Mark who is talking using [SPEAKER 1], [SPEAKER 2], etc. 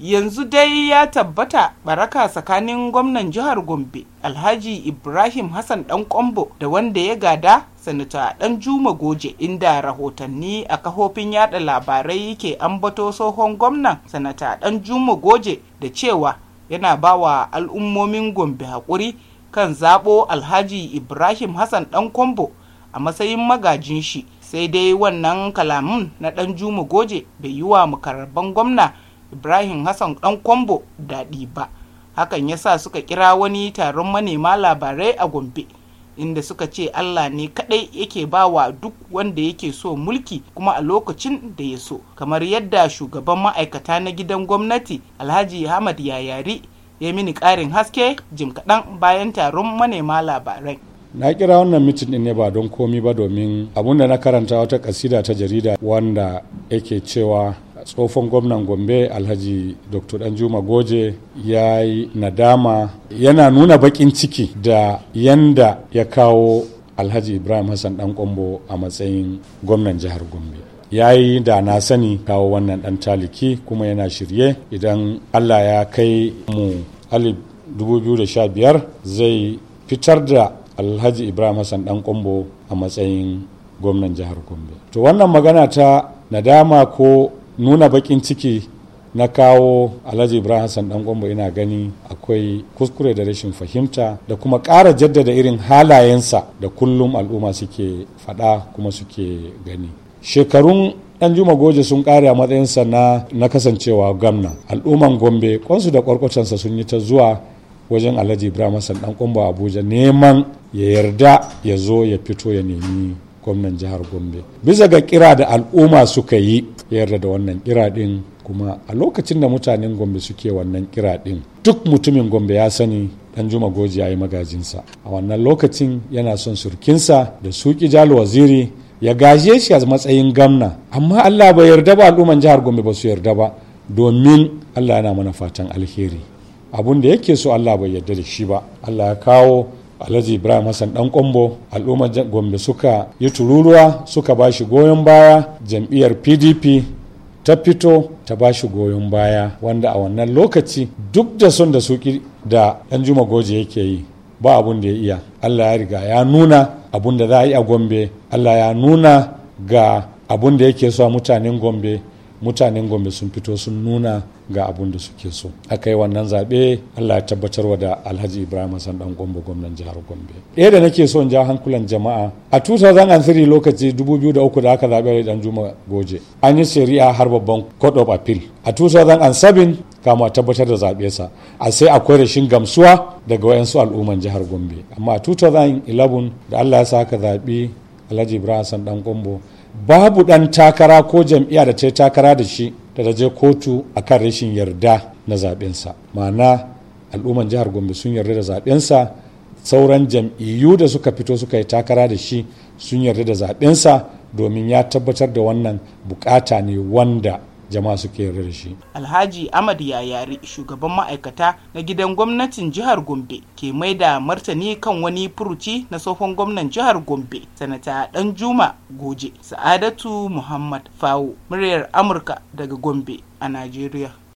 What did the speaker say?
[SPEAKER 1] yanzu dai ya tabbata baraka tsakanin gwamnan jihar gombe alhaji ibrahim hassan dan kombo da wanda ya gada sanata dan juma goje inda rahotanni a kafofin yada labarai ke ambato tsohon gwamnan sanata dan juma goje da cewa yana bawa al'ummomin gombe haƙuri kan zaɓo alhaji ibrahim hassan dan kombo a matsayin magajin shi sai dai wannan kalamun na dan juma goje bai yi wa mukarraban gwamna ibrahim hassan dan kwambo daɗi ba hakan ya sa suka kira wani taron manema labarai a gombe inda suka ce allah ne kaɗai yake bawa duk wanda yake so mulki kuma a lokacin da ya so kamar yadda shugaban ma'aikata na gidan gwamnati alhaji hamad yayari ya mini ƙarin haske jim kaɗan bayan taron manema labarai
[SPEAKER 2] na kira wannan mitin ne ba don komi ba domin abinda na karanta wata kasida ta jarida wanda yake cewa tsofon gwamnan gombe alhaji dr danjuma goje ya yi nadama yana nuna bakin ciki da yanda ya kawo alhaji ibrahim hassan dan kwambo a matsayin gwamnan jihar gombe ya yi da na sani kawo wannan dan taliki kuma yana shirye idan allah ya kai mu alif 2015 zai fitar da alhaji ibrahim hassan dan kwambo a matsayin gwamnan jihar gombe to wannan magana ta nadama ko nuna bakin ciki na kawo alhaji ibrahim hassan dan gombe ina gani akwai kuskure da rashin fahimta da kuma ƙara jaddada irin halayensa da kullum al'umma suke faɗa kuma suke gani shekarun dan juma goje sun kare a matsayinsa na, na kasancewa gamna al'umman gombe kwansu da kwarkwatansa sun yi ta zuwa wajen alhaji ibrahim hassan dan gombe abuja neman ya yarda ya zo ya fito ya nemi gwamnan jihar gombe bisa ga kira da al'umma suka yi yarda da wannan kira din kuma a lokacin da mutanen gombe suke wannan kira din duk mutumin gombe ya sani dan juma goji ya yi magajinsa a wannan lokacin yana son surkinsa da suki jalo waziri ya gaje shi a matsayin gamna amma allah bai yarda ba al'umman jihar gombe ba su yarda ba domin allah yana mana fatan alheri abun da yake so allah bai yarda da shi ba allah ya kawo alhaji ibrahim hassan dan kombo al'ummar gombe suka yi tururuwa suka ba shi goyon baya jam'iyyar pdp ta fito ta ba shi goyon baya wanda a wannan lokaci duk da son da suki da dan juma goje yake yi ba abun da ya iya allah ya riga ya nuna abun da za a yi a gombe allah ya nuna ga abun da yake so a mutanen gombe mutanen gombe sun fito sun nuna ga abun da suke so aka yi wannan zaɓe allah ya tabbatar wa da alhaji ibrahim hassan dan gombe gwamnan jihar gombe ɗaya da nake so in ja hankulan jama'a a 2003 lokaci 2003 da uku da aka zaɓe dan juma goje an yi shari'a har babban court of appeal a 2007 kama a tabbatar da sa a sai akwai rashin gamsuwa daga wayansu al'umman jihar gombe amma a 2011 da allah ya sa aka zaɓi alhaji ibrahim hassan dan gombe babu ɗan takara ko jam'iyya da ta yi takara da shi da ta je kotu a kan rashin yarda na zaɓensa ma'ana al'umman jihar gombe sun yarda da zaɓensa sauran jam'iyyu da suka fito suka yi takara da shi sun yarda da zaɓensa domin ya tabbatar da wannan bukata ne wanda jama'a suke yarda shi.
[SPEAKER 1] Alhaji Ahmad Yayari shugaban ma'aikata na gidan gwamnatin jihar Gombe ke mai da martani kan wani furuci na tsohon gwamnan jihar Gombe sanata Danjuma Goje Sa'adatu Muhammad Fawo muryar Amurka daga Gombe a Najeriya.